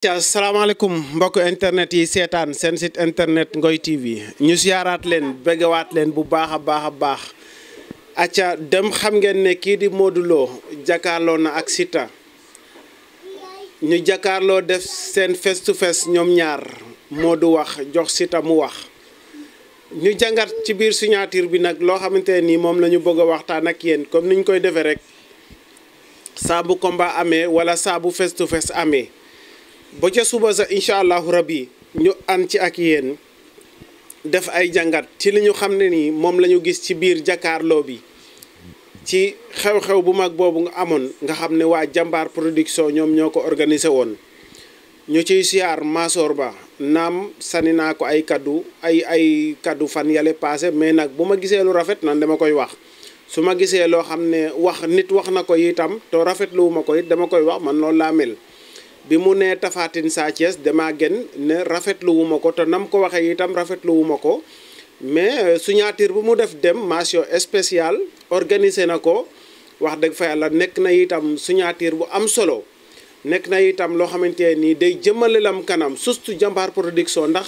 Assalamualaikum. mbok internet yi setan sen site internet Ngoy TV ñu len bëgg waat len bu baaxa baaxa baax acca dem xam ngeen ne ki di modulo jakarlo na ak sita ñu jakarlo def sen face to face ñom ñaar modu wax jox sita mu wax ñu jangat ci biir signature bi nak lo xamanteni mom lañu Sabu bëgg ame, waxtaan ak yeen comme niñ koy defé rek sa bu combat amé wala sa bu face to face amé ba ca suba sa incha allahu rabbi ñu an ci ak yéen def ay jàngat ci li ñu xam ne nii moom la ñu gis ci biir jàkkaarloo bi ci xew-xew bu mag boobu nga amoon nga xam ne waa jàmbaar production ñoom ñoo ko organisé woon ñu ciy siyaar Masor Ba naam sani naa ko ay kaddu ay ay kaddu fan yale passé mais nag bu ma gisee lu rafet na dama koy wax su ma gisee loo xam ne wax nit wax na ko itam te rafetluwu ma ko it dama koy wax man loolu laa mel bi mu nee Tafatine Sa Thiès damaa gën ne rafetlu wu ko te nam ko waxee itam rafetlu wu ma ko mais euh, signature bu mu def dem mention spéciale organisé na ko wax dëgg fa yàlla nekk na itam signature bu am solo nekk na itam loo xamante nii day jëmale lam kanam surtout Jambar Production ndax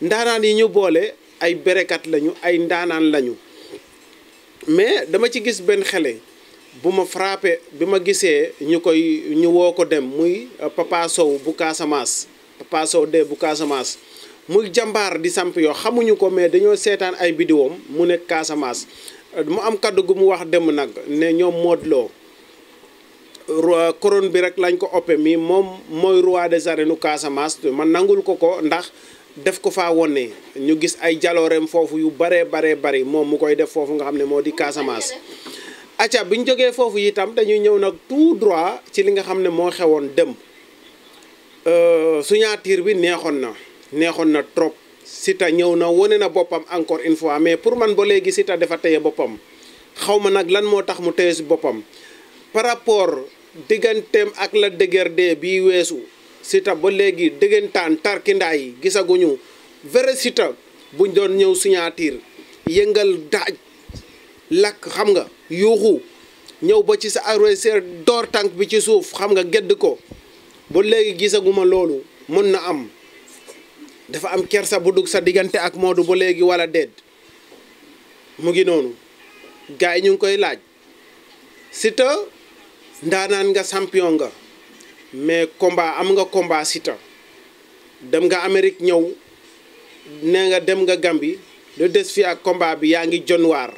ndaanaan yi ñu boole ay berekat lañu ay ndaanaan lañu mais dama ci gis benn xele bu ma frappé bi ma gisee ñu koy ñu woo ko dem muy euh, Papa bu Casamance Papa de bu Casamance muy jàmbaar di samp yoo xamuñu ko mais dañoo seetaan ay bidiwoom mu nekk Casamance euh, mu am kaddu gu mu wax dem nag ne ñoom Modou Lo couronne bi rek lañ ko oppe mii moom mooy roi des arènes u Casamance man nangul ko ko ndax def ko faa wone ñu gis ay jaloorem foofu yu baree baree bari moom mu koy def foofu nga xam ne moo di Casamance acca bi ñu jógee foofu itam dañuy ñëw nag tout droit ci li nga xam ne moo xewoon dem euh, suñaatiir bi neexoon na neexoon na trop sita ñëw na wane na boppam encore une fois mais pour man ba léegi Siteu dafa téye boppam xaw ma nag lan moo tax mu téye si boppam par rapport digganteem ak la dëgër bii weesu sita ba léegi diggantaan tarkindaa yi gisaguñu vrai Siteu buñ doon ñëw signature yëngal daaj lakk xam nga yuuxu ñëw ba ci sa agresseur door tànk bi ci suuf xam nga gedd ko ba léegi gisaguma loolu mën na am dafa am kersa bu dugg sa diggante ak Modou ba léegi wala déet mu ngi noonu gars yi ñu ngi koy laaj Siteu ndaanaan nga champion nga mais combat am nga combat Siteu dem nga Amérique ñëw ne nga dem nga Gambie lu des fi ak combat bi yaa ngi jon waar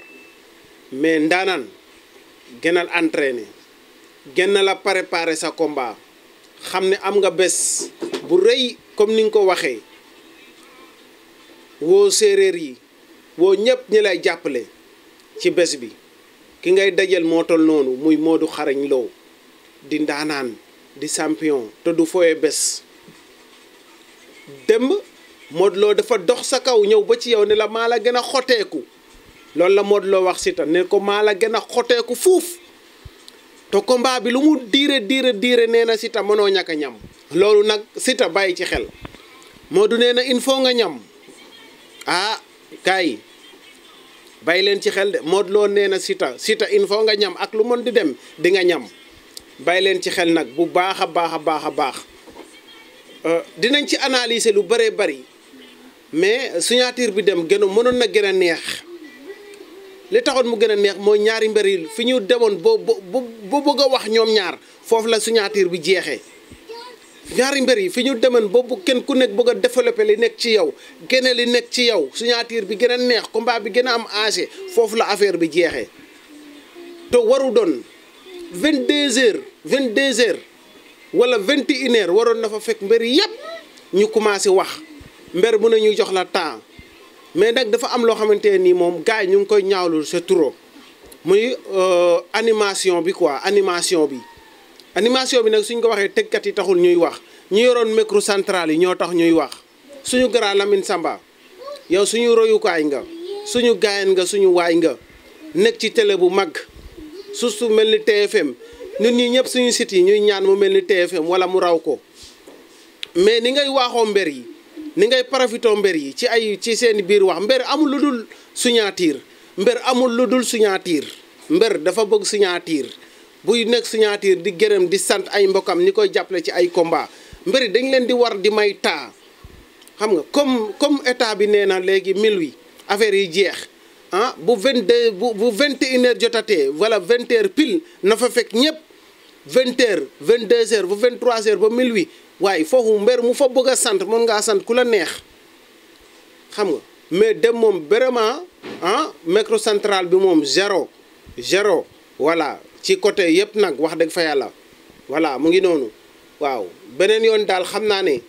mais ndaanaan gënal entraîné gënal a préparé sa combat xam ne am nga bés bu rëy comme ni nga ko waxee woo séeréer yi woo ñëpp ñi lay jàppale ci bés bi ki ngay dajal moo tol noonu muy Modou Xarañ Lo di ndaanaan di champion te du foye bés démb Modou Lo dafa dox sa kaw ñëw ba ci yow ne la maa la gën a xoteeku loolu la moo Modou loo wax Siteu ne ko maa la gën a xoteeku fuuf te combat bi lu mu diire diire diire nee na Siteu mënoo ñàkk a ñam loolu nag Siteu bàyyi ci xel Modou nee na il faut nga ñam ah kaay bàyyi leen ci xel de Modou nee na Siteu Siteu il nga ñam ak lu mën di dem di nga ñam bàyyi leen ci xel nag bu baax a baax a baax a baax euh, dinañ ci analyser lu bëree bari mais signature bi dem gën a mënoon na gën a neex li taxoon mu gën a neex mooy ñaari mbër yi fi ñu demoon boo ba bëgg a wax ñoom ñaar foofu la signature bi jeexee ñaari mbër yi fi ñu demoon ba bu kenn ku nekk bëgg a développé li nekk ci yow génne li nekk ci yow signature bi gën a neex combat bi gën a am âge foofu la affaire bi jeexee te waru doon vingt deux heures vingt deux heures wala vingt et waroon na fa fekk mbër yëpp ñu commencé wax mber mu ne ñu jox la temps mais nag dafa am loo xamante nii moom gars yi ñu ngi koy ñaawlu c'est trop muy euh, animation bi quoi animation bi animation bi nag suñ ko waxee tëggkat yi taxul ñuy wax ñu yoroon micro central yi ñoo tax ñuy wax suñu grand Lamine Samba yow suñu royukaay nga suñu gaayan nga suñu waay nga nekk ci télé bu mag surtout mel ni TFM ñun ñi ñëpp suñu sit yi ñuy ñaan mu mel ni TFM wala mu raw ko mais ni ngay waaxoo mbër yi ni ngay profitoo mbër yi ci ay ci seen biir wax mbër amul lu dul signature mbër amul lu dul signature mbër dafa bëgg signature buy nekk signature di gërëm di sant ay mbokkam ni koy jàppale ci ay combat mbër yi dañ leen di war di may taa xam nga comme comme état bi nee na léegi mil wi affaire yi jeex ah bu vingt deux bu bu vingt et une heure jotatee wala vingt heures pile na fa fekk ñëpp vingt heures vingt deux heures bu vingt trois heures ba mil wi waaye foofu mber mu fa bëgg a sant moom ngaa sant ku la neex xam nga mais dem moom vraiment ah micro central bi moom zéro zéro voilà ci côté yëpp nag wax dëgg fa yàlla voilà mu ngi noonu waaw beneen yoon daal xam naa ne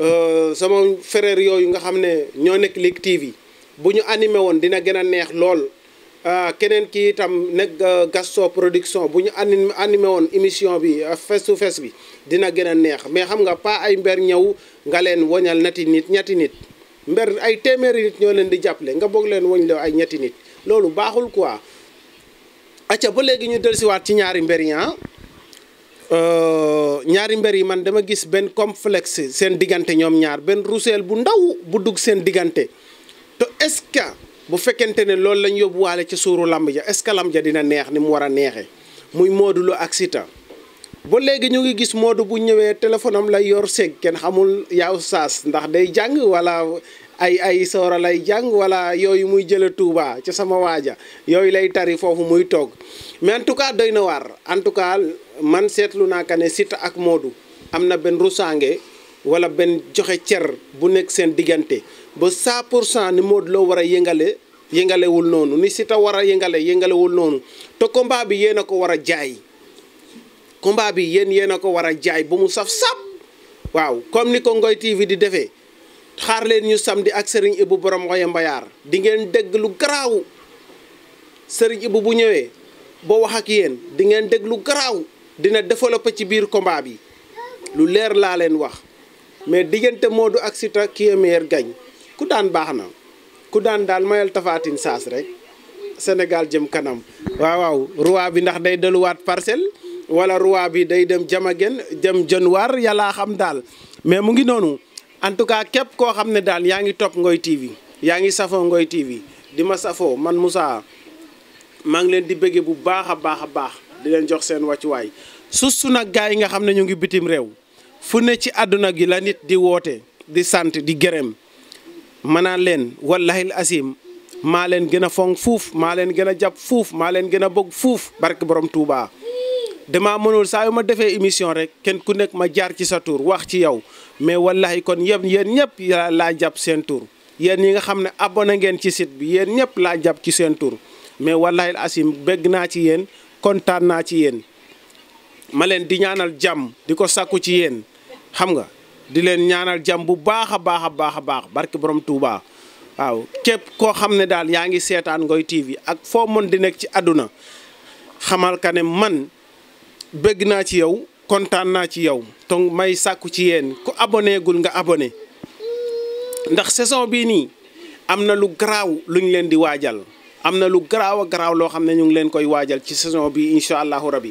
euh, sama frère yooyu nga xam ne ñoo nekk Ligue TV bu ñu animé woon dina gën a neex lool. Ah, keneen ki itam nag ah, gasto production bu ñu anim animé woon émission bi ah, face to face bi dina gën a neex mais xam nga pas ay mber ñëw nga leen woñal ñetti nit ñetti nit mber ay téeméeri nit ñoo leen di jàppale nga boog leen woñ la ay ñetti nit loolu baaxul quoi acca ba léegi ñu dellusiwaat ci ñaari mber yi euh, ñaari mber yi man dama gis benn complexe seen diggante ñoom ñaar benn ruuseel bu ndaw bu dugg seen diggante te est bu fekkente ne loolu yóbbu yóbbuwaale ci suuru lamb ja est ce que lamb ja dina neex ni mu war a neexee muy Modou Lo ak Siteu ba léegi ñu ngi gis Modou bu ñëwee téléphone am lay yor seeg kenn xamul yaaw saas ndax day jàng wala ay ay soora lay jàng wala yooyu muy jële Touba ci sama waaja yooyu lay tari foofu muy toog mais en tout cas doy na waar en tout cas man seetlu naa ka ne ak Modou am na benn rusaange wala benn joxe cer bu nekk seen diggante ba 100 pour cent ni Modou Lo war a yëngale yëngalewul noonu ni Siteu war a yëngale yëngalewul noonu te combat bi yéen a ko war a jaay combat bi yéen yéen a ko war a jaay ba mu saf sap waaw comme ni ko Ngoy TV di defee xaarleen ñu samedi ak Serigne Ibou borom Ngoye di ngeen dégg garaaw Serigne bu ñëwee boo wax ak yéen di ngeen dégg lu garaaw dina développé ci biir combat bi lu leer laa leen wax mais diggante Modou ak Siteu qui est ku daan baax na ku daan daal mayal tafaatin saas rek Sénégal jëm kanam waaw waaw roi bi ndax day delluwaat parcelle wala roi bi day dem jamagen jëm januar yàllaa xam daal mais mu ngi noonu en tout cas képp koo xam ne daal yaa ngi topp Ngoy TV yaa ngi safoo Ngoy TV di ma safoo man Moussa maa ngi leen di bëggee bu baax a baax a baax di leen jox seen wàccuwaay su nag gars yi nga xam ne ñu ngi bitim réew fu ne ci àdduna gi la nit di woote di sant di gërëm ma naan leen wallahil asim maa leen gën a fonk fuuf maa leen gën a jàpp fuuf maa leen gën a bëgg fuuf barke borom Touba. dama mënul saa yu ma defee émission rek kenn ku nekk ma jaar ci sa tuur wax ci yow mais wallahi kon yëpp yéen ñëpp laa jàpp seen tur yéen ñi nga xam ne abonné ngeen ci site bi yéen ñëpp laa jàpp ci seen mais wallahi asim bégg naa ci yéen kontaan naa ci yéen ma leen di ñaanal jàmm di ko sàkku ci yéen xam nga di len ñaanal jam bu baakha baakha baakha baax barki borom Touba waaw kep ko xamne dal yaangi setan Ngoy TV ak fo mon di nek ci aduna xamal ka ne man begg na ci yow contane na ci yow tong may sakku ci yeen ku abonné gul nga abonné ndax saison bi ni amna lu graw luñ len di wajal amna lu graw graw lo xamne ñu ngi len koy wajal ci saison bi inshallah rabbi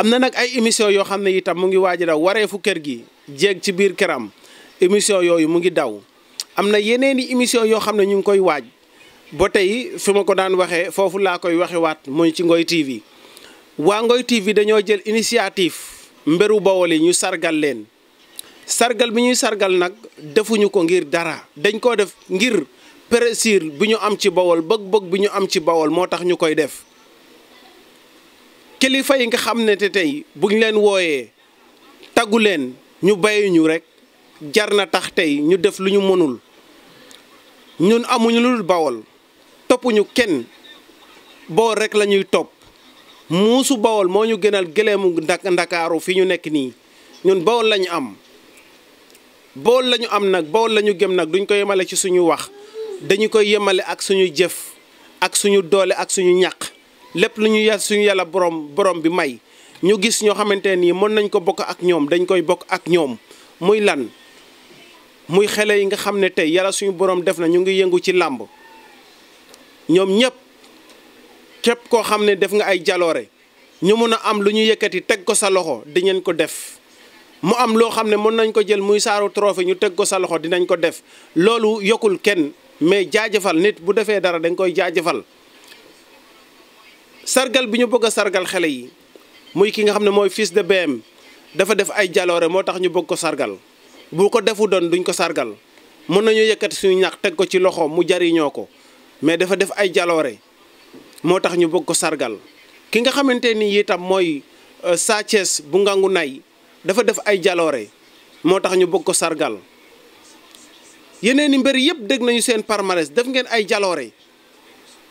amna nak ay émission yo xamne itam mu ngi waré fu kër gi jéeg ci biir këram émission yooyu mu ngi daw am na yeneen i émission yoo xam ne ñu ngi koy waaj ba tey fi ma ko daan waxee foofu laa koy waxewaat muy ci Ngoy TV waa Ngoy TV dañoo jël initiative mbëru Bawol yi ñu sargal leen sargal bi ñuy sargal nag defuñu ko ngir dara dañ koo def ngir plaisir bi ñu am ci Bawol bëgg bi ñu am ci Bawol moo tax ñu koy def kilifa yi nga xam ne te tey buñ leen wooyee taggu leen ñu bàyyi ñu rek jar na tax tey ñu def lu ñu mënul ñun amuñu lu dul bawol toppuñu kenn bool rek la ñuy topp muusu bawol moo ñu gënal gëleemu ndak ndakaaru fi ñu nekk nii ñun bawol lañu am bawol lañu am nag bawol lañu gëm nag duñ ko yemale ci suñu wax dañu koy yemale ak suñu jëf ak suñu doole ak suñu ñaq lépp lu ñu yar suñu yàlla borom borom bi may ñu gis ñoo xamante nii mën nañ ko bokk ak ñoom dañu koy bokk ak ñoom muy lan muy xele yi nga xam ne tey yàlla suñu borom def na ñu ngi yëngu ci làmb ñoom ñëpp képp koo xam ne def nga ay jaloore ñu mun a am lu ñu yëkkati teg ko sa loxo dinañ ko def mu am loo xam ne mën nañ ko jël muy saaru trophée ñu teg ko sa loxo dinañ ko def loolu yokkul kenn mais jaajëfal nit bu defee dara dañ koy jaajëfal sargal bi ñu bëgg a sargal xele yi muy ki nga xamne moy fils de BM dafa def ay jaloore moo tax ñu bëgg ko sargal bu ko defu doon duñ ko sargal mën nañu yëkkat suñu ñax teg ko ci loxo mu jariñoo ko mais dafa def ay jaloore moo tax ñu bëgg ko sargal ki nga xamanteni ni moy mooy euh, Sa Thiès bu ngangu nay dafa def ay jaloore moo tax ñu bëgg ko sargal yeneeni mbeer mbër yëpp dégg nañu seen palmarès def ngeen ay jaloore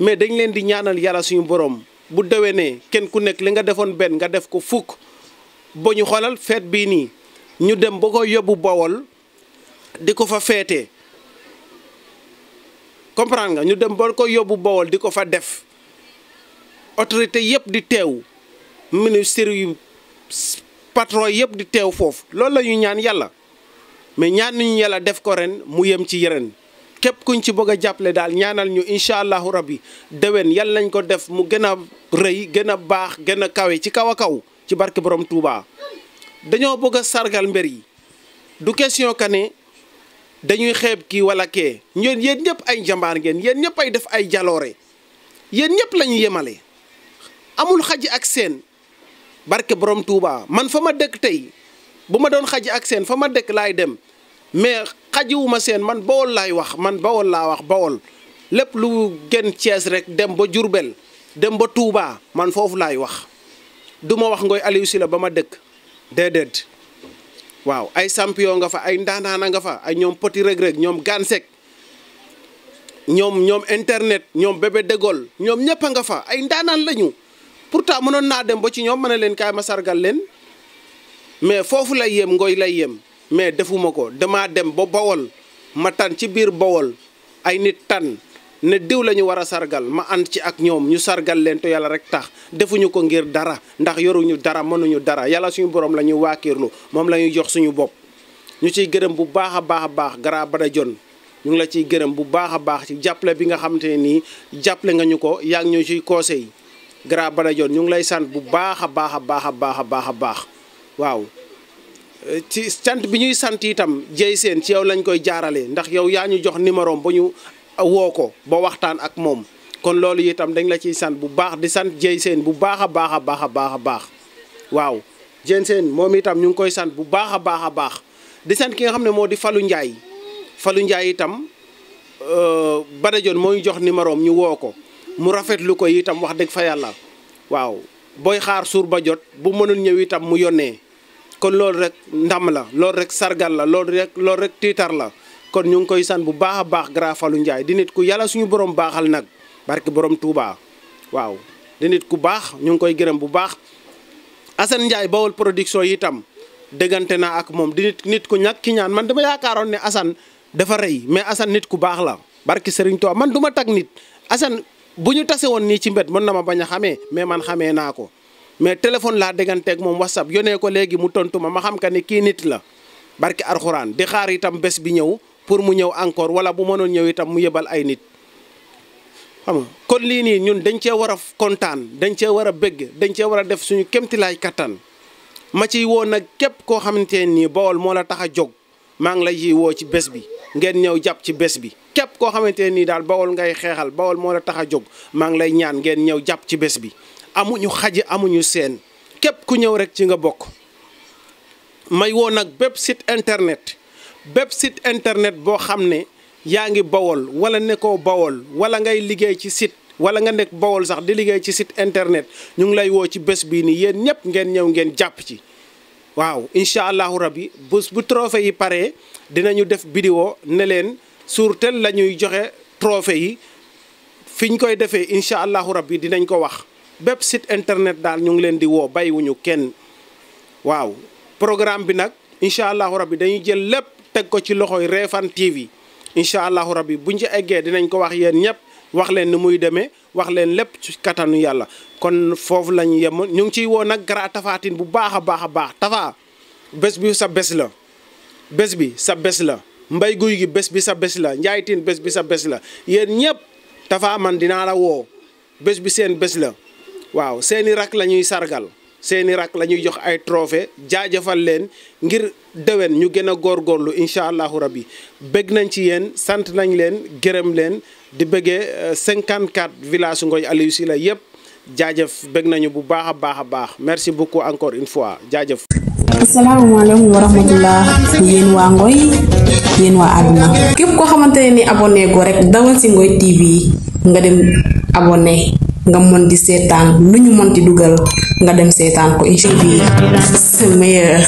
mais dañ leen di ñaanal yalla suñu borom bu déwénee kenn ku nekk li nga defoon benn nga def ko fukk ba ñu xoolal feet bii nii ñu dem ba ko yóbbu Bawol di ko fa feetee comprendre nga ñu dem ba ko yóbbu Bawol di ko fa def autorité yëpp di teew ministère yu patron yëpp di teew foofu loolu la ñu ñaan yàlla mais ñaan nañu yàlla def ko ren mu yem ci yeneen képp kuñ ci bëgg a jàppale daal ñaanal ñu incha allahu rabbi déwén yal nañ ko def mu gën a rëy gën a baax gën a kawe ci kaw a kaw ci barke borom Touba. dañoo bëgg a sargal mbër yi du question que ne dañuy xeeb kii wala kee ñun yéen ñëpp ay njambaar ngeen yéen ñëpp ay def ay jaloore yéen ñëpp la yemale amul xaj ak seen barke borom Touba man fa ma dëkk tey bu ma doon xaj ak seen fa ma dëkk laay dem mais. xajiwuma seen man bawol laay wax man bawol laa wax bawol lépp lu gën Cees rek dem ba Jurbel dem ba Touba man foofu laay wax duma wax ngooy Aliou la ba ma dëkk déedéet waaw ay champion nga fa ay a nga fa ay ñoom poti Reug Reug ñoom Gansek ñoom ñoom internet ñoom bébé dégol ñoom ñëpp a nga fa ay ndaanaan lañu pourtant mënoon naa dem ba ci ñoom mën a leen kaay ma sargal leen mais foofu lay yem ngooy lay yem mais defuma ko damaa dem ba Bawol ma tan ci biir Bawol ay nit tan ne diw la ñu war a sargal ma ànd ci ak ñoom ñu sargal leen te yàlla rek tax defuñu ko ngir dara ndax yoruñu dara mënuñu dara yàlla suñu borom la ñuy waakiirlu moom la ñuy jox suñu bopp. ñu ciy gërëm bu baax a baax a baax Gara Badajon ñu ngi la ciy gërëm bu baax a baax ci jàppale bi nga xamante ne nii jàppale nga ñu ko yaa ngi ñu ciy conseil Gara Badajon ñu ngi lay sant bu baax a baax a baax a baax a baax ci sant bi ñuy sant itam jëy seen ci yow lañ koy jaarale ndax yow yaa ñu jox numéro ba ñu woo ko ba waxtaan ak moom kon loolu itam dañ la ciy sant bu baax di sant jëy seen bu baax a baax a baax a baax a baax waaw jën seen moom itam ñu ngi koy sant bu baax a baax a baax di sant ki nga xam ne moo di falu Ndiaye Fallou njaay itam euh, Badajon moo ñu jox numéro ñu woo ko mu rafetlu ko itam wax dëgg fa yàlla waaw booy xaar suur ba jot bu mënul ñëw itam mu yónnee. kon lool rek ndam la lool rek sargal la lool rek lool rek la kon ñu ngi koy san bu baax a baax Grand Fallou Ndiaye di nit ku yàlla suñu borom baaxal nag barki borom Touba waaw di nit ku baax ñu ngi koy gërëm bu baax Asan Ndiaye bawal production yi tam dëggante naa ak moom di nit nit ku ñàkk ki ñaan man dama yaakaaroon ne asan dafa rëy mais asan nit ku baax la barki Serigne Touba man duma tag nit Asan bu ñu tase woon nii ci mbet mën na ma bañ a mais man xamee naa mais téléphone laa dégganteeg moom whatsapp yónnee ko léegi mu tontu ma ma xam ka ni kii nit la barki arxuraan di xaar itam bés bi ñëw pour mu ñëw encore wala bu mënoon ñëw itam mu yebal ay nit. xam kon lii nii ñun dañ cee war a kontaan dañ cee war a bëgg dañ cee war a def suñu kéemtilaay kattan ma ciy woo nag képp koo xamante ne nii Bawol moo la tax a jóg maa ngi lay ciy woo ci bés bi ngeen ñëw jàpp ci bés bi. képp koo xamante ne nii daal Bawol ngay xeexal Bawol moo la tax a jóg maa ngi lay ñaan ngeen ñëw jàpp ci bés bi. amuñu xaji amuñu seen képp ku ñëw rek ci nga bokk may woo nag bépp sit internet bépp sit internet boo xam ne yaa ngi bawol wala nekkoo bawol wala ngay liggéey ci site wala nga nekk bawol sax di liggéey ci site internet ñu ngi lay woo ci bés bii nii yéen ñëpp ngeen ñëw ngeen jàpp ci waaw incha allahu yi bés bu trophée yi paree dinañu def vidéo ne leen sur tel la ñuy joxe trophée yi fi ñu koy defee incha allahu yi dinañ ko wax bépp site internet daal ñu ngi leen di woo bay bàyyiwuñu kenn waaw programme bi nag incha allahu bi dañuy jël lépp teg ko ci loxoy Refane TV incha allahu rabbi buñ ci eggee dinañ ko wax yéen ñëpp wax leen ni muy demee wax leen lépp ci kattanu yàlla kon foofu lañu yem ñu ngi ciy woo nag Kara Tapha Tine bu baax a baax a baax Tapha bés bi sa bés la bés bi sa bés la mbay guy gi bés bi sa bés la njaay bés bi sa bés la yéen ñëpp Tapha man dinaa la woo bés bi seen bés la waaw seeni rak la ñuy sargal seeni rak la ñuy jox ay trophée jaajëfal leen ngir déwén ñu gën a góorgóorlu incha allahu rabbi bëgg nañ ci yéen sant nañ leen gërëm leen di bëggee 54 villages Ngoye Aliou Sylla yëpp jaajëf bëgg nañu bu baax a baax a baax merci beaucoup encore une fois jaajëf. asalaamaaleykum wa rahmatullah yéen waa Ngoy yéen waa àdduna képp koo xamante ni abonné go rek dawal si Ngoy TV nga dem abonné. nga mën di seetaan lu ñu mën di dugal nga dem seetaan ko Ngoye TV c'est meilleur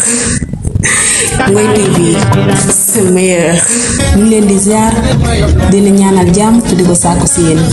Ngoye TV c'est meilleur leen di ziar di la ñaanal jàmm te di ko sàkku si